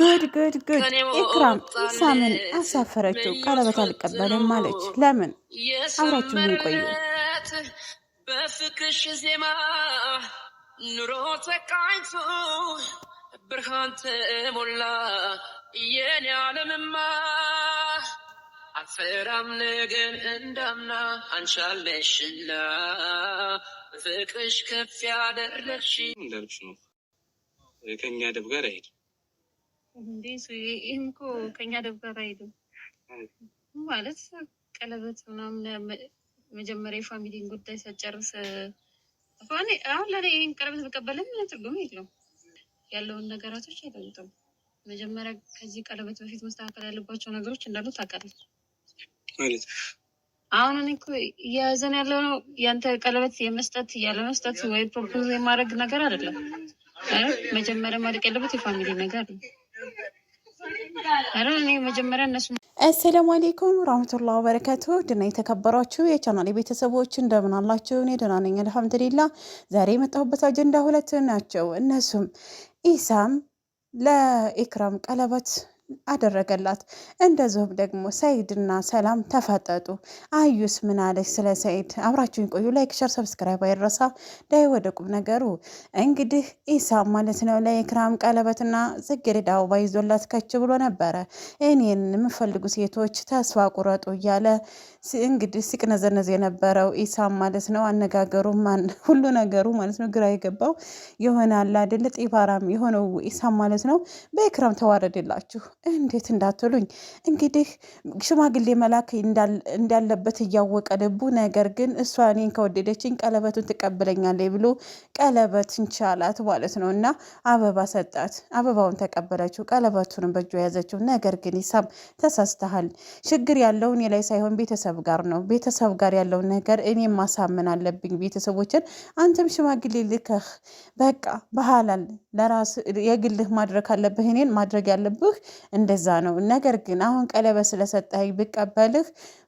ጉድ ጉድ ጉድ! ኢክራም ኢሳምን አሳፈረችው። ቀለበት አልቀበልም ማለች። ለምን አብራችሁ ምን ቆዩ? በፍቅርሽ ዜማ ኑሮ ተቃኝቶ ብርሃን ተሞላ የኔ ዓለምማ አፈራም ነገን እንዳምና አንሻለሽና ፍቅርሽ ከፍ ያደረግሽ እንዳልሽ ነው። ከእኛ ደብ ጋር አይሄድ እንዴ ይህም እኮ ከኛ ደብተር አይሄድም ማለት ቀለበት ምናምን መጀመሪያ የፋሚሊን ጉዳይ ሳጨርስ ሆነ። አሁን ለእኔ ይህን ቀለበት መቀበል ምን ትርጉም የለው ያለውን ነገራቶች አይደምጥም። መጀመሪያ ከዚህ ቀለበት በፊት መስተካከል ያለባቸው ነገሮች እንዳሉ ታውቃለች። አሁን እኔ እኮ እያያዘን ያለው ያንተ ቀለበት የመስጠት ያለመስጠት ወይ ፕሮፖዝ የማድረግ ነገር አይደለም። መጀመሪያ ማድረግ ያለበት የፋሚሊ ነገር ነው። አሰላሙ አሌይኩም ራህመቱላህ በረከቱ ድና የተከበሯችሁ የቻናል ቤተሰቦች እንደምን አላችሁ? እኔ ደህና ነኝ አልሐምዱሊላህ። ዛሬ የመጣሁበት አጀንዳ ሁለት ናቸው። እነሱም ኢሳም ለኢክራም ቀለበት አደረገላት። እንደዚሁም ደግሞ ሰይድና ሰላም ተፈጠጡ። አዩስ ምን አለች ስለ ሰይድ? አብራችሁን ቆዩ። ላይክ፣ ሸር፣ ሰብስክራይብ አይረሳ። ዳይ ወደ ቁም ነገሩ እንግዲህ ኢሳ ማለት ነው ለኢክራም ቀለበትና ጽጌረዳ አበባ ይዞላት ከች ብሎ ነበረ። እኔን የምፈልጉ ሴቶች ተስፋ ቁረጡ እያለ እንግዲህ ሲቅነዘነዝ የነበረው ኢሳ ማለት ነው። አነጋገሩ ሁሉ ነገሩ ማለት ነው ግራ የገባው የሆነ አላደለ አይደለ ጢባራም የሆነው ኢሳ ማለት ነው። በኢክራም ተዋረድላችሁ እንዴት እንዳትሉኝ እንግዲህ ሽማግሌ መላክ እንዳለበት እያወቀ ልቡ፣ ነገር ግን እሷ እኔን ከወደደችኝ ቀለበቱን ትቀበለኛለች ብሎ ቀለበት እንቻላት ማለት ነው። እና አበባ ሰጣት፣ አበባውን ተቀበለችው፣ ቀለበቱንም በእጇ የያዘችው። ነገር ግን ኢሳም ተሳስተሃል፣ ችግር ያለው እኔ ላይ ሳይሆን ቤተሰብ ጋር ነው። ቤተሰብ ጋር ያለውን ነገር እኔ ማሳመን አለብኝ ቤተሰቦችን። አንተም ሽማግሌ ልከህ በቃ ባህላል ለራስ የግልህ ማድረግ አለብህ እኔን ማድረግ ያለብህ እንደዛ ነው። ነገር ግን አሁን ቀለበት ስለሰጠህ ብቀበልህ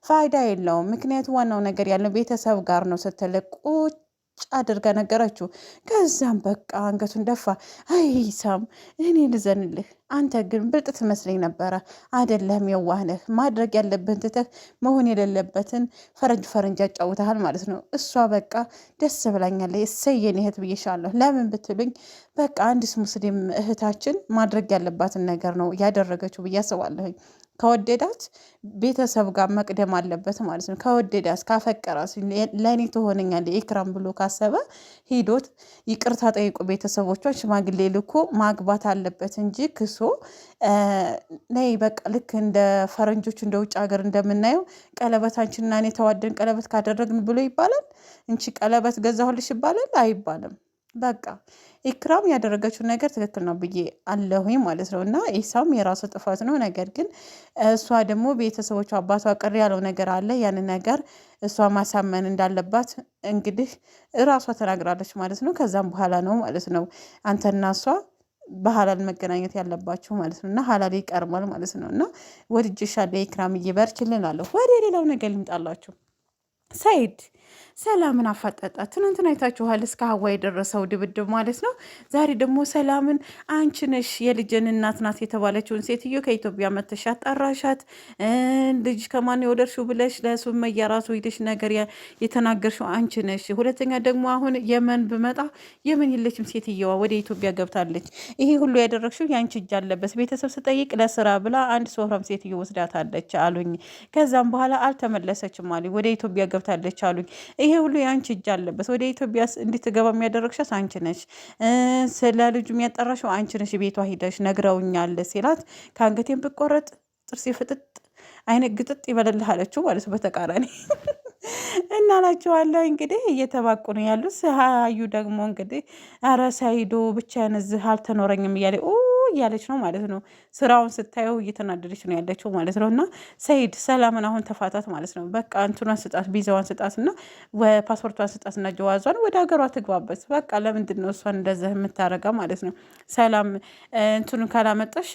ፋይዳ የለውም። ምክንያቱ ዋናው ነገር ያለው ቤተሰብ ጋር ነው ስትልቅ አድርጋ ነገረችው። ከዛም በቃ አንገቱን ደፋ። አይ ሳም እኔ ልዘንልህ፣ አንተ ግን ብልጥ ትመስለኝ ነበረ። አይደለም የዋህነህ ማድረግ ያለብህን ትተህ መሆን የሌለበትን ፈረንጅ ፈረንጅ ያጫውተሃል ማለት ነው። እሷ በቃ ደስ ብላኛለች። እሰየን እህት ብዬሻለሁ። ለምን ብትሉኝ በቃ አንዲት ሙስሊም እህታችን ማድረግ ያለባትን ነገር ነው ያደረገችው ብዬ አስባለሁኝ። ከወደዳት ቤተሰብ ጋር መቅደም አለበት ማለት ነው። ከወደዳት ካፈቀራት ለእኔ ትሆነኛለች ኤክራም ብሎ ካሰበ ሂዶት ይቅርታ ጠይቁ ቤተሰቦቿን ሽማግሌ ልኮ ማግባት አለበት እንጂ ክሶ ነይ በቃ ልክ እንደ ፈረንጆች እንደ ውጭ ሀገር እንደምናየው ቀለበት አንቺና እኔ ተዋደን ቀለበት ካደረግን ብሎ ይባላል። እንቺ ቀለበት ገዛሁልሽ ይባላል አይባልም። በቃ ኢክራም ያደረገችው ነገር ትክክል ነው ብዬ አለሁኝ ማለት ነው። እና ኢሳም የራሱ ጥፋት ነው። ነገር ግን እሷ ደግሞ ቤተሰቦቿ አባቷ ቅር ያለው ነገር አለ። ያንን ነገር እሷ ማሳመን እንዳለባት እንግዲህ እራሷ ተናግራለች ማለት ነው። ከዛም በኋላ ነው ማለት ነው አንተና እሷ በሀላል መገናኘት ያለባችሁ ማለት ነው። እና ሀላል ይቀርማል ማለት ነው። እና ወድጅሻለሁ ኢክራም፣ እየበርችልን አለሁ። ወደ ሌላው ነገር ልምጣላችሁ ሰኢድ ሰላምን አፋጠጣ። ትናንትና አይታችኋል፣ እስከ ሀዋ የደረሰው ድብድብ ማለት ነው። ዛሬ ደግሞ ሰላምን አንቺ ነሽ የልጅን እናት ናት የተባለችውን ሴትዮ ከኢትዮጵያ መተሻት ጠራሻት፣ ልጅ ከማን የወለድሽው ብለሽ ለሱመያ ራሱ ሂደሽ ነገር የተናገርሽው አንቺ ነሽ። ሁለተኛ ደግሞ አሁን የመን ብመጣ የመን የለችም ሴትየዋ፣ ወደ ኢትዮጵያ ገብታለች። ይሄ ሁሉ ያደረግሽው ያንቺ እጅ አለበት። ቤተሰብ ስጠይቅ ለስራ ብላ አንድ ሶፍራም ሴትዮ ወስዳታለች አሉኝ። ከዛም በኋላ አልተመለሰችም አሉኝ። ወደ ኢትዮጵያ ገብታለች አሉኝ። ይሄ ሁሉ የአንቺ እጅ አለበት። ወደ ኢትዮጵያ እንድትገባ የሚያደረግሻት አንቺ ነሽ፣ ስለ ልጁ የሚያጠራሽው አንቺ ነሽ፣ ቤቷ ሂደሽ ነግረውኛል ሲላት ከአንገቴን ብቆረጥ ጥርሴ ፍጥጥ አይነት ግጥጥ ይበለልህ አለችው ማለት በተቃራኒ እናላቸዋለሁ እንግዲህ እየተባቁ ነው ያሉት። ሀዩ ደግሞ እንግዲህ ኧረ ሳይዶ ብቻዬን እዚህ አልተኖረኝም እያለ እያለች ነው ማለት ነው። ስራውን ስታየው እየተናደደች ነው ያለችው ማለት ነው። እና ሰይድ ሰላምን አሁን ተፋታት ማለት ነው። በቃ እንትኗን ስጣት፣ ቢዛዋን ስጣት እና ፓስፖርቷን ስጣት እና ጀዋዟን ወደ ሀገሯ ትግባበት። በቃ ለምንድን ነው እሷን እንደዚህ የምታረጋ ማለት ነው። ሰላም እንትኑን ካላመጣሽ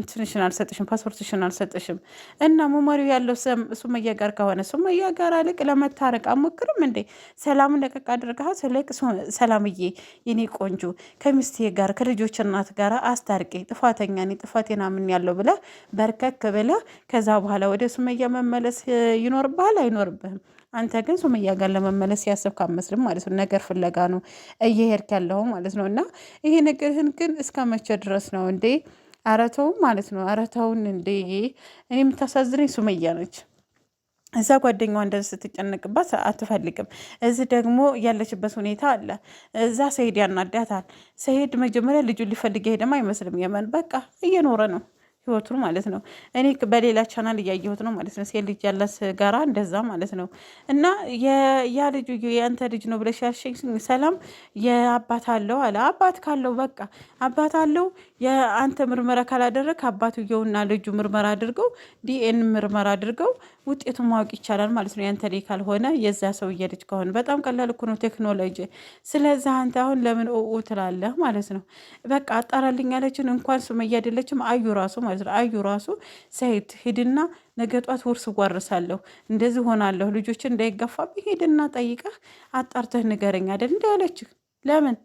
እንትንሽን አልሰጥሽም፣ ፓስፖርትሽን አልሰጥሽም። እና መመሪው ያለው ሱመያ ጋር ከሆነ ሱመያ ጋር አልቅ ለመታረቅ አሞክርም እንዴ? ሰላምን ለቀቅ አድርገሃት። ሰላምዬ የኔ ቆንጆ ከሚስቴ ጋር ከልጆች እናት ጋር አስታርቂ አድርገኝ፣ ጥፋተኛ እኔ ጥፋቴን ያለው ብለህ በርከክ ብለህ ከዛ በኋላ ወደ ሱመያ መመለስ ይኖርብሃል አይኖርብህም? አንተ ግን ሱመያ ጋር ለመመለስ ያሰብክ አመስልም ማለት ነው። ነገር ፍለጋ ነው እየሄድክ ያለው ማለት ነው። እና ይሄ ነገርህን ግን እስከ መቼ ድረስ ነው እንዴ? አረተውን ማለት ነው አረተውን እንዴ? እኔ የምታሳዝነኝ ሱመያ ነች። እዛ ጓደኛዋ እንደዚህ ስትጨነቅባት አትፈልግም። እዚህ ደግሞ ያለችበት ሁኔታ አለ። እዛ ሰሄድ ያናዳታል። ሰሄድ መጀመሪያ ልጁን ሊፈልግ ሄደም አይመስልም። የመን በቃ እየኖረ ነው ህይወቱን ማለት ነው። እኔ በሌላ ቻናል እያየሁት ነው ማለት ነው። ሴት ልጅ ያላት ጋራ እንደዛ ማለት ነው። እና ያ ልጁ የአንተ ልጅ ነው ብለሽ ያልሽኝ ሰላም የአባት አለው አለ። አባት ካለው በቃ አባት አለው። የአንተ ምርመራ ካላደረግ አባትየውና ልጁ ምርመራ አድርገው ዲኤን ምርመራ አድርገው ውጤቱ ማወቅ ይቻላል ማለት ነው። ያንተ ላይ ካልሆነ የዛ ሰውዬ ልጅ ከሆነ በጣም ቀላል እኮ ነው ቴክኖሎጂ። ስለዚህ አንተ አሁን ለምን ኦኡ ትላለህ ማለት ነው። በቃ አጣራልኝ ያለችን እንኳን ስም እያደለችም አዩ ራሱ ማለት ነው። አዩ ራሱ ሰይድ ሂድና ነገ ጧት ውርስ እጓርሳለሁ እንደዚህ ሆናለሁ ልጆችን እንዳይጋፋብኝ ሂድና ጠይቀህ አጣርተህ ንገረኝ አይደል እንዳለችህ ለምን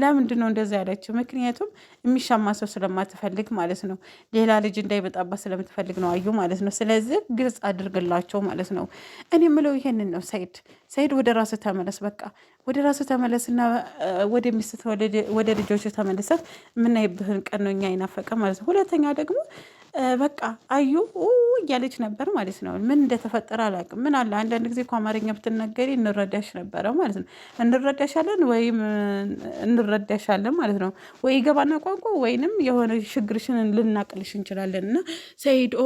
ለምንድን ነው እንደዛ ያለችው? ምክንያቱም የሚሻማ ሰው ስለማትፈልግ ማለት ነው። ሌላ ልጅ እንዳይመጣባት ስለምትፈልግ ነው አዩ ማለት ነው። ስለዚህ ግልጽ አድርግላቸው ማለት ነው። እኔ የምለው ይሄንን ነው። ሰኢድ ሰኢድ ወደ ራስ ተመለስ። በቃ ወደ ራስ ተመለስና ወደ ሚስት ወደ ልጆች ተመልሰህ የምናይብህን ቀን ነው እኛ ይናፈቀ ማለት ነው። ሁለተኛ ደግሞ በቃ አዩ እያለች ነበር ማለት ነው። ምን እንደተፈጠረ አላውቅም። ምን አለ አንዳንድ ጊዜ እኮ አማርኛ ብትናገሪ እንረዳሽ ነበረ ማለት ነው። እንረዳሻለን ወይም እንረዳሻለን ማለት ነው። ወይ ገባና ቋንቋ ወይንም የሆነ ችግርሽን ልናቅልሽ እንችላለን። እና ሰይዶ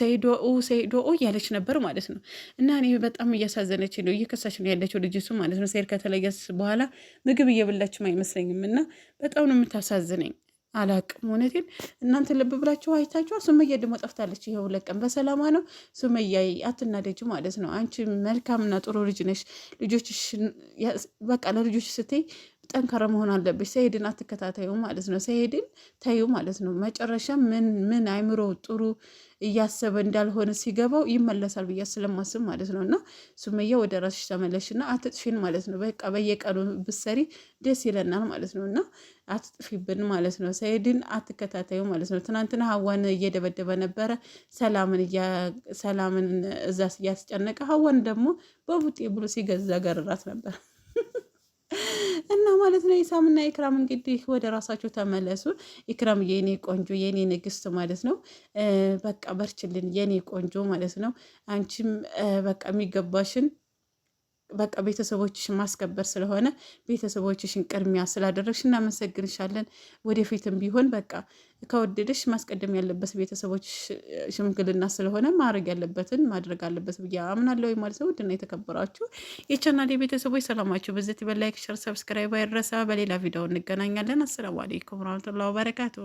ሰይዶ ሰይዶ እያለች ነበር ማለት ነው። እና እኔ በጣም እያሳዘነች ነው፣ እየከሳች ነው ያለችው ልጅሱ ማለት ነው። ሰይድ ከተለየስ በኋላ ምግብ እየበላችም አይመስለኝም። እና በጣም ነው የምታሳዝነኝ። አላቅም። እውነቴን እናንተ ልብ ብላችሁ አይታችኋል። ሱመያ ደግሞ ጠፍታለች። ይሄ ሁለት ቀን በሰላማ ነው። ሱመያ አትናደጅ ማለት ነው። አንቺ መልካምና ጥሩ ልጅ ነሽ። ልጆችሽ በቃ ለልጆች ስትይ ጠንካራ መሆን አለብሽ። ሰሄድን አትከታተዩ ማለት ነው። ሰሄድን ተዩ ማለት ነው። መጨረሻ ምን ምን አይምሮ ጥሩ እያሰበ እንዳልሆነ ሲገባው ይመለሳል ብዬ ስለማስብ ማለት ነው። እና ሱመያ ወደ ራስሽ ተመለሽ እና አትጥፊን ማለት ነው። በቃ በየቀኑ ብሰሪ ደስ ይለናል ማለት ነው። እና አትጥፊብን ማለት ነው። ሰሄድን አትከታተዩ ማለት ነው። ትናንትና ሀዋን እየደበደበ ነበረ፣ ሰላምን እዛ እያስጨነቀ ሀዋን ደግሞ በቡጤ ብሎ ሲገዛ ገርራት ነበር። እና ማለት ነው ኢሳምና ኢክራም እንግዲህ ወደ ራሳቸው ተመለሱ። ኢክራም የኔ ቆንጆ የኔ ንግስት ማለት ነው። በቃ በርችልን የኔ ቆንጆ ማለት ነው። አንቺም በቃ የሚገባሽን በቃ ቤተሰቦችሽን ማስከበር ስለሆነ ቤተሰቦችሽን ቅድሚያ ስላደረግሽ እናመሰግንሻለን። ወደፊትም ቢሆን በቃ ከወደደሽ ማስቀደም ያለበት ቤተሰቦች ሽምግልና ስለሆነ ማድረግ ያለበትን ማድረግ አለበት ብዬ አምናለሁ ማለት ነው። ውድና የተከበራችሁ የቻናል የቤተሰቦች ሰላማችሁ በዚህ በላይክ፣ ሸር፣ ሰብስክራይብ አይረሳ። በሌላ ቪዲዮ እንገናኛለን። አሰላሙ አለይኩም ረመቱላ ወበረካቱ